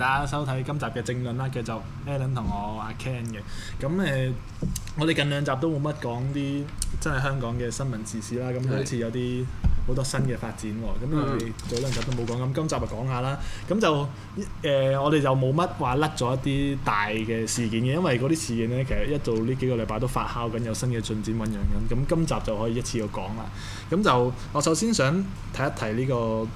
大家收睇今集嘅政論啦，繼續 Allen 同我阿 Ken 嘅。咁誒，我哋近兩集都冇乜講啲真係香港嘅新聞時事啦。咁好似有啲好多新嘅發展喎。咁我哋早兩集都冇講，咁今集就講下啦。咁就誒，我哋就冇乜話甩咗一啲大嘅事件嘅，因為嗰啲事件咧，其實一早呢幾個禮拜都發酵緊，有新嘅進展醞釀緊。咁今集就可以一次過講啦。咁就我首先想提一提呢個。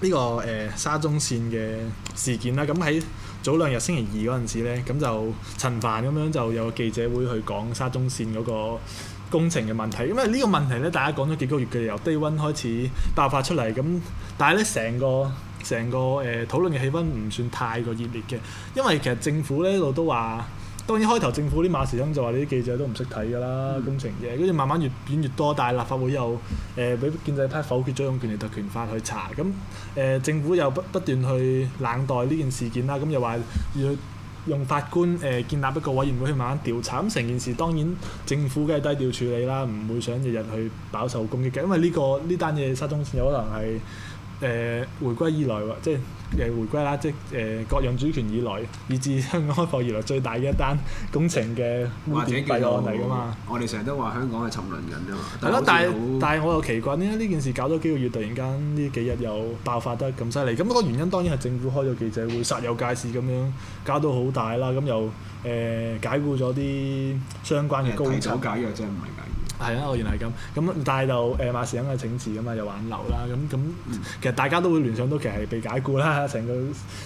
呢、這個誒、呃、沙中線嘅事件啦，咁喺早兩日星期二嗰陣時咧，咁就陳帆咁樣就有記者會去講沙中線嗰個工程嘅問題，因為呢個問題呢，大家講咗幾個月，嘅由低溫開始爆發出嚟，咁但係呢，成個成個誒討論嘅氣氛唔算太過熱烈嘅，因為其實政府咧度都話。當然開頭政府啲馬時亨就話：呢啲記者都唔識睇㗎啦、嗯、工程嘅跟住慢慢越變越多，但係立法會又誒俾、呃、建制派否決咗用權力特權法去查。咁、嗯、誒、呃、政府又不不斷去冷待呢件事件啦。咁、嗯、又話要用法官誒、呃、建立一個委員會去慢慢調查。咁、嗯、成件事當然政府梗係低調處理啦，唔會想日日去飽受攻擊嘅，因為呢、這個呢單嘢失蹤先有可能係。誒、呃、回歸以來即係誒、呃、回歸啦，即係誒國人主權以來，以至香港開放以來最大嘅一單工程嘅污點弊案嚟㗎嘛。我哋成日都話香港係沉淪緊㗎嘛。係咯，但係但係我又奇怪點解呢件事搞咗幾個月，突然間呢幾日又爆發得咁犀利？咁個原因當然係政府開咗記者會，殺有介事咁樣搞到好大啦。咁又誒、呃、解雇咗啲相關嘅高層，提早解約唔係緊。係啊，我原來係咁咁，但係就誒、呃、馬時亨嘅請辭啊嘛，又挽留啦，咁咁其實大家都會聯想到其實係被解雇啦，成個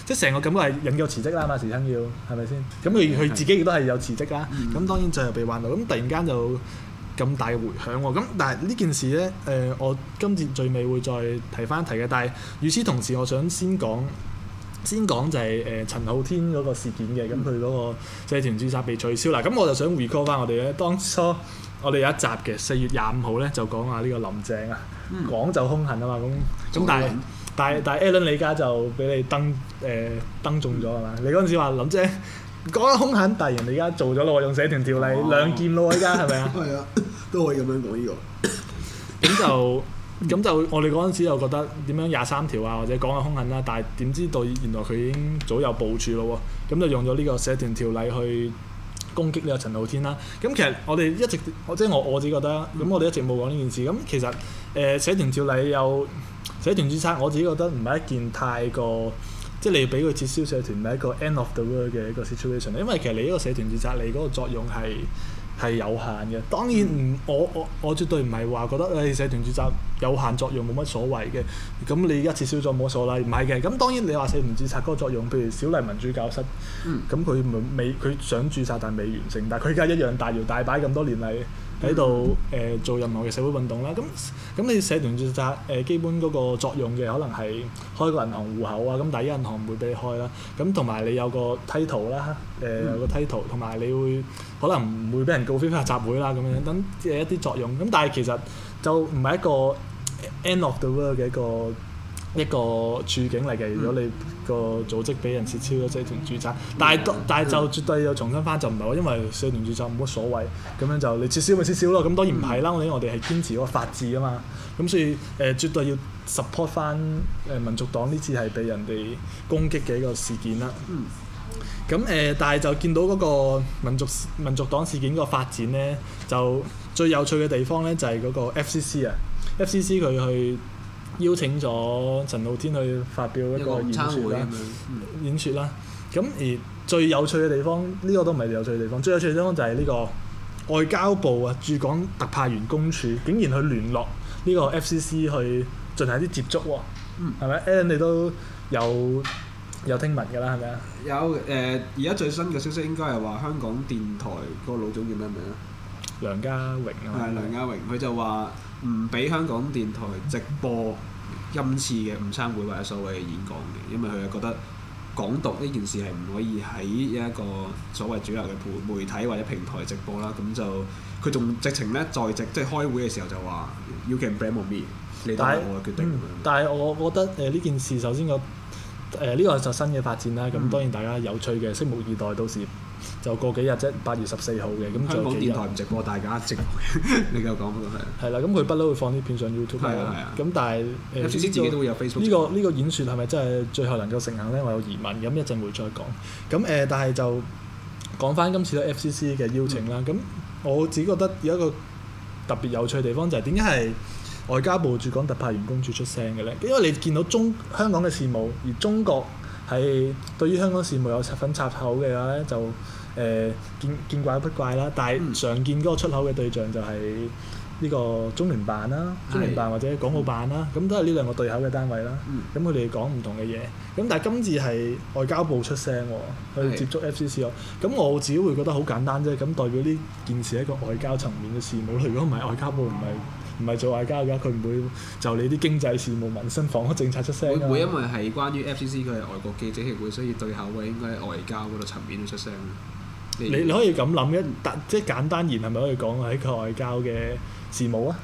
即係成個感覺係引咎辭職啦，馬時亨要係咪先？咁佢佢自己亦都係有辭職啦，咁、嗯、當然最後被挽留，咁突然間就咁大回響喎、啊。咁但係呢件事咧，誒、呃、我今節最尾會再提翻提嘅。但係與此同時，我想先講先講就係、是、誒、呃、陳浩天嗰個事件嘅，咁佢嗰個社團註冊被取消啦。咁我就想 recall 翻我哋咧，當初。我哋有一集嘅四月廿五號咧，就講下呢個林鄭啊，講、嗯、就兇狠啊嘛，咁咁但係但係但係 Allen 你而家就俾你登誒登中咗係嘛？你嗰陣時話林鄭講啊兇狠，但係人哋而家做咗咯，我用社團條例亮劍咯，而家係咪啊？係 啊，都可以咁樣講呢個就。咁就咁就我哋嗰陣時又覺得點樣廿三條啊，或者講下兇狠啦、啊，但係點知道原來佢已經早有部署咯喎，咁就用咗呢個社團條例去。攻擊呢個陳浩天啦，咁其實我哋一直，即係我我自己覺得，咁我哋一直冇講呢件事。咁其實誒、呃、社團照例有社團註冊，我自己覺得唔係一件太過，即係你要俾佢撤銷社團，唔係一個 end of the world 嘅一個 situation。因為其實你呢個社團註冊，你嗰個作用係係有限嘅，當然唔，我我我絕對唔係話覺得誒、嗯哎、社團註冊有限作用冇乜所謂嘅，咁你而家取消咗冇所謂，唔係嘅，咁當然你話社團註冊嗰個作用，譬如小麗民主教室，咁佢未佢想註冊但係未完成，但係佢而家一樣大搖大，大擺咁多年嚟。喺度誒做任何嘅社會運動咧，咁咁你社團註冊誒基本嗰個作用嘅可能係開個銀行戶口啊，咁第一銀行唔會俾開啦，咁同埋你有個 title 啦，誒有個 title，同埋你會可能唔會俾人告非法集會啦咁樣，等一啲作用，咁但係其實就唔係一個 end of the world 嘅一個。一個處境嚟嘅，如果你個組織俾人撤銷咗，嗯、即係團註冊，但係、嗯、但係就絕對要重新翻，就唔係話因為社團註冊冇乜所謂，咁樣就你撤銷咪撤銷咯，咁當然唔係啦，嗯、我哋我哋係堅持嗰個法治啊嘛，咁所以誒、呃、絕對要 support 翻誒民族黨呢次係被人哋攻擊嘅一個事件啦。嗯。咁誒、呃，但係就見到嗰個民族民族黨事件個發展咧，就最有趣嘅地方咧就係嗰個 FCC 啊，FCC 佢去，邀請咗陳浩天去發表一個演説啦，演説啦。咁出、嗯、而最有趣嘅地方，呢、呢個都唔係最有趣嘅地方。最有趣嘅地方就係呢個外交部啊駐港特派員公署竟然去聯絡呢個 FCC 去進行一啲接觸喎。嗯，係咪？Allen，你都有有聽聞㗎啦，係咪啊？有誒，而、呃、家最新嘅消息應該係話香港電台個老總叫咩名啊？梁家榮啊係梁家榮，佢就話唔俾香港電台直播，今次嘅午餐會或者所謂嘅演講嘅，因為佢係覺得港獨呢件事係唔可以喺一個所謂主流嘅媒媒體或者平台直播啦，咁就佢仲直情咧在席即係開會嘅時候就話，You can blame nobody 你都係我嘅決定但、嗯。但係我覺得誒呢件事首先個誒呢個就新嘅發展啦，咁當然大家有趣嘅拭、嗯、目以待，到時。就過幾日啫，八月十四號嘅，咁香港電台唔直播，大家直播嘅。你夠講啦，係。係啦，咁佢不嬲會放啲片上 YouTube 啦。係啊係啊。咁但係誒，FCC 自己都會有 Facebook。呢個呢個演說係咪真係最後能夠成行呢？我有疑問。咁一陣會再講。咁誒，但係就講翻今次嘅 FCC 嘅邀請啦。咁我自己覺得有一個特別有趣嘅地方就係點解係外交部駐港特派員公署出聲嘅呢？因為你見到中香港嘅事務而中國。係對於香港事務有十分插口嘅話咧，就誒、呃、見見怪不怪啦。但係常見嗰個出口嘅對象就係呢個中聯辦啦、嗯、中聯辦或者港澳辦啦，咁、嗯、都係呢兩個對口嘅單位啦。咁佢哋講唔同嘅嘢，咁但係今次係外交部出聲、嗯、去接觸 F.C.C. 咁、嗯，我自己會覺得好簡單啫。咁代表呢件事係一個外交層面嘅事務。如果唔係外交部唔係。啊唔係做外交㗎，佢唔會就你啲經濟事務、民生房屋政策出聲啊？會，因為係關於 FCC，佢係外國記者協會，所以對口位應該係外交嗰個層面都出聲。你你，你可以咁諗一，即係簡單言係咪可以講係一個外交嘅事務啊？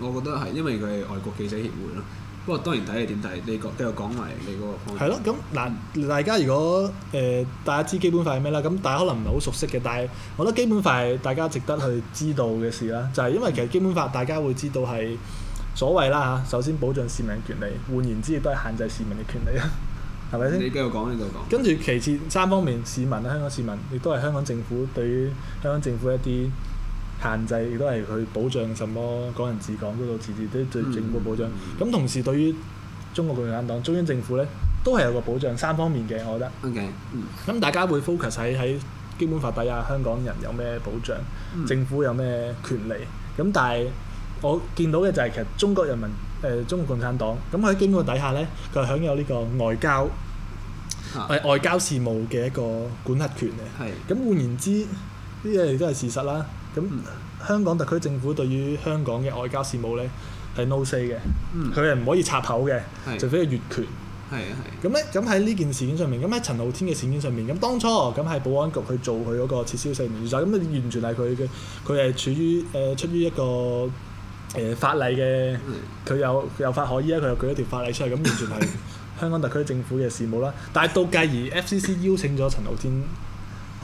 我覺得係，因為佢係外國記者協會咯。不過當然睇你點睇，你覺繼續講埋你嗰個。係咯，咁嗱，大家如果誒大家知基本法係咩啦？咁大家可能唔係好熟悉嘅，但係我覺得基本法係大家值得去知道嘅事啦。就係、是、因為其實基本法大家會知道係所謂啦嚇，首先保障市民權利，換言之亦都係限制市民嘅權利啦，係咪先？你繼續講你就講。跟住其次三方面市民啦，香港市民亦都係香港政府對於香港政府一啲。限制亦都係佢保障什麼港人治港嗰度，自治都對政府保障。咁同時，對於中國共產黨、中央政府呢，都係有個保障三方面嘅，我覺得。O K，咁大家會 focus 喺基本法底下，香港人有咩保障？Um. 政府有咩權利？咁但係我見到嘅就係其實中國人民誒、呃，中國共產黨咁喺基本法底下呢，佢係享有呢個外交誒、呃、外交事務嘅一個管轄權嘅。係、啊。咁換言之，呢啲亦都係事實啦。咁那、嗯、香港特區政府對於香港嘅外交事務咧係 no say 嘅，佢係唔可以插口嘅，除非係越權。係啊係。咁咧，咁喺呢件事件上面，咁喺陳浩天嘅事件上面，咁當初咁喺保安局去做佢嗰個撤銷姓名註冊咁啊，完全係佢嘅，佢係處於誒、呃、出於一個誒、呃、法例嘅，佢有有法可依啊，佢又舉咗條法例出嚟，咁完全係香港特區政府嘅事務啦。 但係到繼而 FCC 邀請咗陳浩天。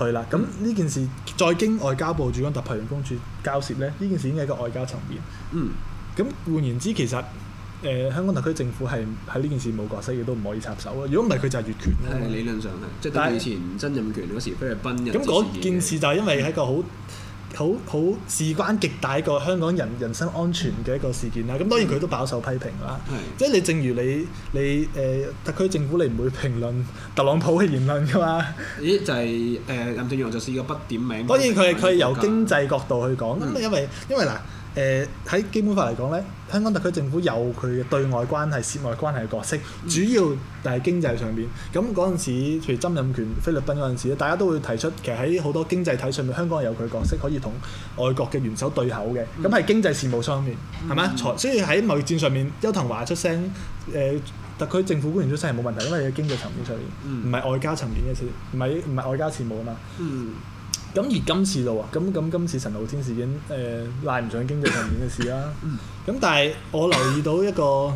係啦，咁呢、嗯、件事再經外交部主管特派員公署交涉咧，呢件事已經係一個外交層面。嗯，咁換言之，其實誒、呃、香港特區政府係喺呢件事冇角色嘅，都唔可以插手啊。如果唔係，佢就係越權啦。嗯、那理論上係，但係是以前曾蔭是權嗰時，菲律賓人咁，嗰件事就係因為喺個好。嗯嗯。好好事關極大一個香港人人身安全嘅一個事件啦，咁當然佢都飽受批評啦。嗯、即係你正如你你誒、呃、特區政府，你唔會評論特朗普嘅言論㗎嘛？咦，就係、是、誒、呃、林鄭月娥就試過不點名。當然佢係佢由經濟角度去講，咁、嗯、因為因為嗱。誒喺、呃、基本法嚟講咧，香港特區政府有佢嘅對外關係、涉外關係嘅角色，嗯、主要就係經濟上面。咁嗰陣時，譬如曾蔭權菲律賓嗰陣時咧，大家都會提出，其實喺好多經濟體上面，香港有佢角色，可以同外國嘅元首對口嘅。咁係、嗯、經濟事務上面，係咪、嗯？所以喺貿易戰上面，邱騰華出聲，誒、呃、特區政府官員出聲係冇問題，因為喺經濟層面上面，唔係、嗯、外交層面嘅事，唔係唔係外交事務啊嘛。嗯咁而今次度啊，咁咁今次陳浩天事件誒賴唔上經濟上面嘅事啦、啊。咁 但係我留意到一個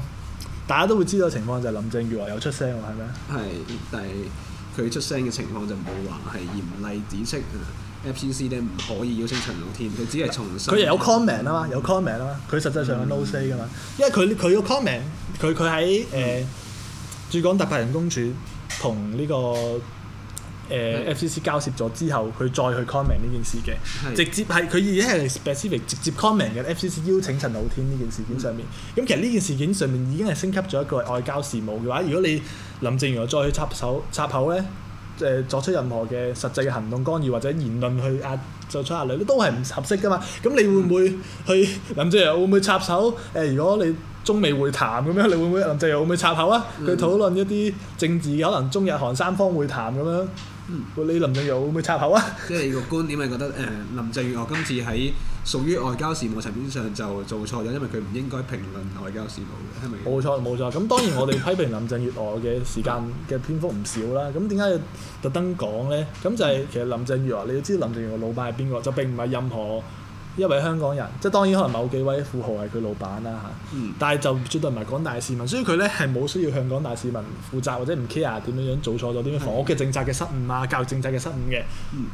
大家都會知道嘅情況，就係、是、林鄭月娥有出聲喎，係咪？係，但係佢出聲嘅情況就冇話係嚴厲指斥 FCC 咧唔可以邀請陳浩天，佢只係重申佢又有 comment 啊嘛，嗯、有 comment 啊嘛，佢實際上係 no say 噶嘛，因為佢佢個 comment 佢佢喺誒駐、呃、港特派員公署同呢個。誒、呃、是的 FCC 交涉咗之後，佢再去 comment 呢件事嘅，是的 直接係佢已經係 specific 直接 comment 嘅。FCC 邀請陳浩天呢件事件上面，咁、嗯、其實呢件事件上面已經係升級咗一個外交事務嘅話，如果你林鄭月娥再去插手插口咧，誒、呃、作出任何嘅實際嘅行動干預或者言論去壓作出壓力，都係唔合適噶嘛。咁你會唔會去、嗯、林鄭月娥會唔會插手？誒、呃，如果你中美會談咁樣，你會唔會林鄭月娥會唔會插口啊？去討論一啲政治可能中日韓三方會談咁樣。嗯，你林鄭月娥會唔會插口啊？即係個觀點係覺得誒、呃，林鄭月娥今次喺屬於外交事務層面上就做錯咗，因為佢唔應該評論外交事務嘅。係咪？冇錯冇錯，咁當然我哋批評林鄭月娥嘅時間嘅篇幅唔少啦。咁點解要特登講呢？咁就係其實林鄭月娥你要知道林鄭月娥老闆係邊個，就並唔係任何一位香港人，即係當然可能某幾位富豪係佢老闆啦嚇，嗯、但係就絕對唔係廣大市民，所以佢咧係冇需要向廣大市民負責或者唔 care 點樣樣做錯咗啲、嗯、房屋嘅政策嘅失誤啊，教育政策嘅失誤嘅。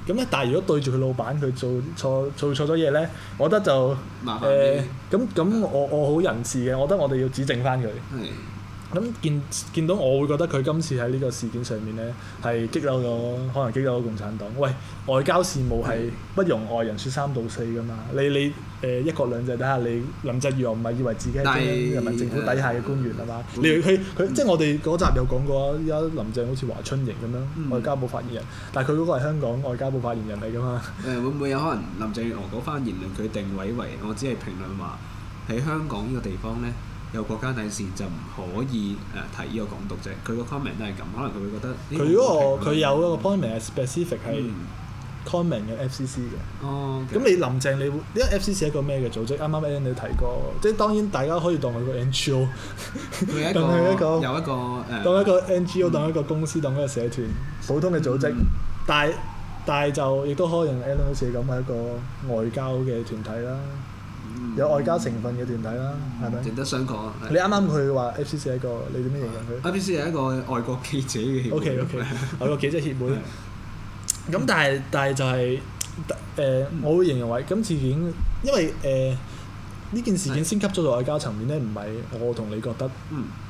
咁咧、嗯，但係如果對住佢老闆佢做，做，做，做錯做錯咗嘢咧，我覺得就誒咁咁我我好仁慈嘅，我覺得我哋要指正翻佢。嗯嗯咁見見到我會覺得佢今次喺呢個事件上面呢，係激嬲咗，可能激嬲咗共產黨。喂，外交事務係不容外人説三道四噶嘛？你你誒、呃、一國兩制底下你林鄭月娥唔係以為自己係人民政府底下嘅官員啊嘛？是吧你佢佢、嗯、即係我哋嗰集有講過，依家林鄭好似華春瑩咁樣，嗯、外交部發言人，但係佢嗰個係香港外交部發言人嚟噶嘛？誒會唔會有可能林鄭月娥嗰番言論佢定位為我只係評論話喺香港呢個地方呢。有國家底線就唔可以誒提呢個港獨啫，佢個 comment 都係咁，可能佢會覺得。佢、欸、如果佢有一個 point 係 specific 係 comment 嘅 FCC 嘅。哦、嗯。咁、okay. 你林鄭你因為 FCC 係一個咩嘅組織？啱啱 Allen 你提過，即係當然大家可以當佢個 NGO。佢一個有一個誒。Uh, 當一個 NGO、嗯、當一個公司，當一個社團，普通嘅組織，嗯、但係但係就亦都可以用 Allen 好似咁係一個外交嘅團體啦。有外交成分嘅團體啦，係咪、嗯？值得吧想講對。你啱啱佢話：「FCC 係一個你點樣形容佢？FCC 係一個外國記者嘅協會，okay, okay, 外國記者協會。咁 但係，但係就係、是、誒、呃，我會形容為、嗯、今次已經因為誒。呃呢件事件升級咗到外交層面咧，唔係我同你覺得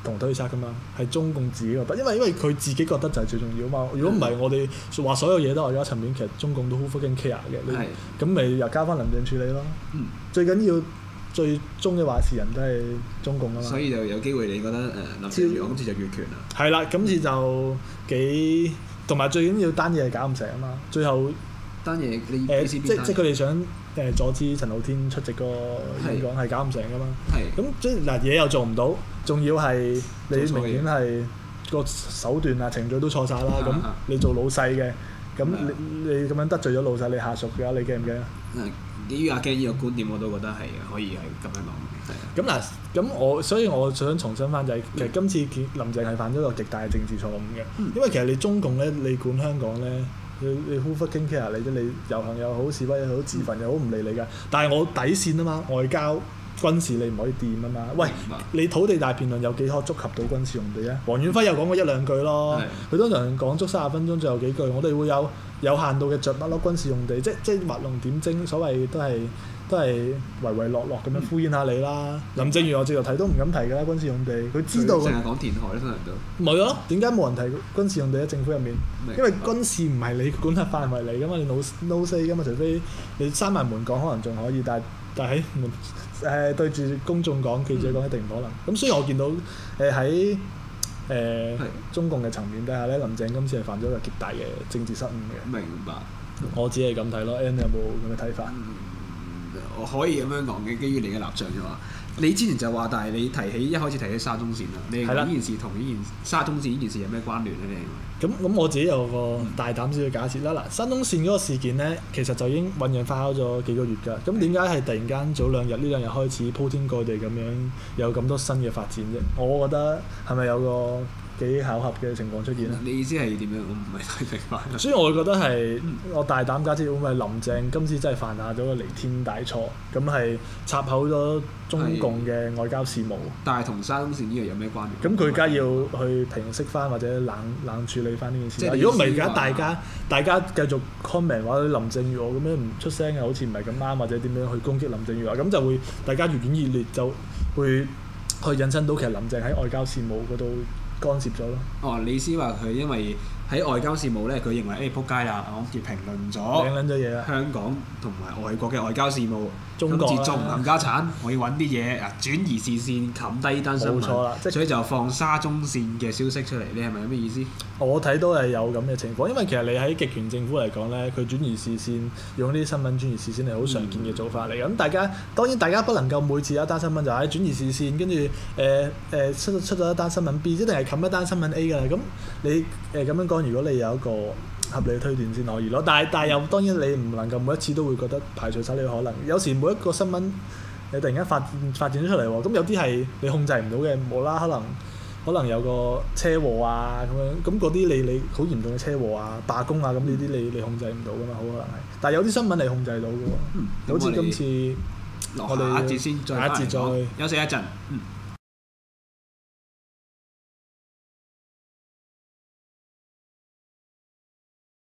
同推測噶嘛，係、嗯、中共自己覺得，因為因為佢自己覺得就係最重要啊嘛。如果唔係，我哋話所有嘢都外交層面，其實中共都好 fucking care 嘅。咁咪、嗯、又交翻林鄭處理咯、嗯。最緊要最終嘅話事人都係中共啊嘛。所以就有機會你覺得誒林鄭好似就越權啦。係啦，今次就幾同埋最緊要單嘢搞唔成啊嘛。最後。單嘢你即即佢哋想誒、呃、阻止陳浩天出席個演講係搞唔成噶嘛？係咁是即嗱嘢、呃、又做唔到，仲要係你明顯係個手段啊程序都錯晒啦。咁、啊、你做老細嘅，咁、啊、你、啊、你咁樣得罪咗老細你下屬嘅話，你驚唔驚啊？誒，至於阿 Ken 呢個觀點，我都覺得係可以係咁樣講。咁嗱，咁、呃、我所以我想重申翻就係，其實今次林鄭係犯咗一個極大嘅政治錯誤嘅，嗯、因為其實你中共咧，你管香港咧。嗯。你你胡夫傾偈下你啫，你遊行又好，示威又好，自焚又好，唔理你噶。但係我底線啊嘛，外交軍事你唔可以掂啊嘛。喂，白你土地大辯論有幾可觸及到軍事用地啊？黃遠輝又講過一兩句咯，佢通的常講足三十分鐘，最後幾句。我哋會有有限度嘅著不攞軍事用地，即即墨龍點蒸，所謂都係。都係唯唯諾諾咁樣敷衍下你啦。林鄭月娥最近睇都唔敢提噶啦，軍事用地佢知道。成日講填海咧，通常都。冇咯，點解冇人提軍事用地喺政府入面？因為軍事唔係你管轄範圍嚟噶嘛，你 no no say 噶嘛？除非你閂埋門講，可能仲可以，但係但係喺門誒對住公眾講，記者講一定唔可能。咁所以我見到誒喺誒中共嘅層面底下咧，林鄭今次係犯咗一個極大嘅政治失誤嘅。明白，我只係咁睇咯。An 你有冇咁嘅睇法？我可以咁樣講嘅，基於你嘅立場啫嘛。你之前就話，但係你提起一開始提起沙中線啦，你呢件事同呢件事沙中線呢件事有咩關聯咧？咁咁 我自己有個大膽少嘅假設啦。嗱，沙中線嗰個事件咧，其實就已經醖釀發酵咗幾個月㗎。咁點解係突然間早兩日呢兩日開始鋪天蓋地咁樣有咁多新嘅發展啫？我覺得係咪有個幾巧合嘅情況出現啦！你意思係點樣？我唔係太明白。 所以我覺得係我大膽假設，會唔會林鄭今次真係犯下咗個彌天大錯？咁係插口咗中共嘅外交事務，但係同三線呢樣有咩關聯？咁佢而家要去平息翻，或者冷冷，冷處理翻呢件事。如果唔係，而家大家 大家繼續 comment 話啲林鄭月娥咁樣唔出聲啊，好似唔係咁啱，或者點樣去攻擊林鄭月娥，咁就會大家愈演愈烈，就會去引申到其實林鄭喺外交事務嗰度。干涉咗咯。哦，李斯話佢因為喺外交事務咧，佢認為誒，撲街啦，我唔評論咗。評論咗嘢啦。香港同埋外國嘅外交事務。中國唔冚家產，的我要揾啲嘢啊，轉移視線冚低呢單新聞，冇錯啊，就是、所以就放沙中線嘅消息出嚟。你係咪有咩意思？我睇都係有咁嘅情況，因為其實你喺極權政府嚟講呢，佢轉移視線用呢啲新聞轉移視線係好常見嘅做法嚟。咁、嗯、大家當然大家不能夠每次有一單新聞就係轉移視線，跟住誒誒出出咗一單新聞 B 一定係冚一單新聞 A 㗎啦。咁你誒，咁樣講，如果你有一個合理推斷先可以咯，但係但係又當然你唔能夠每一次都會覺得排除曬。你可能。有時每一個新聞你突然間發發展出嚟喎，咁有啲係你控制唔到嘅，冇啦可能可能有個車禍啊咁樣，咁嗰啲你你好嚴重嘅車禍啊、罷工啊咁呢啲你你控制唔到噶嘛，好可能係。但係有啲新聞你控制到嘅，好似今次我哋下一節先，下一節再,有有再休息一陣。嗯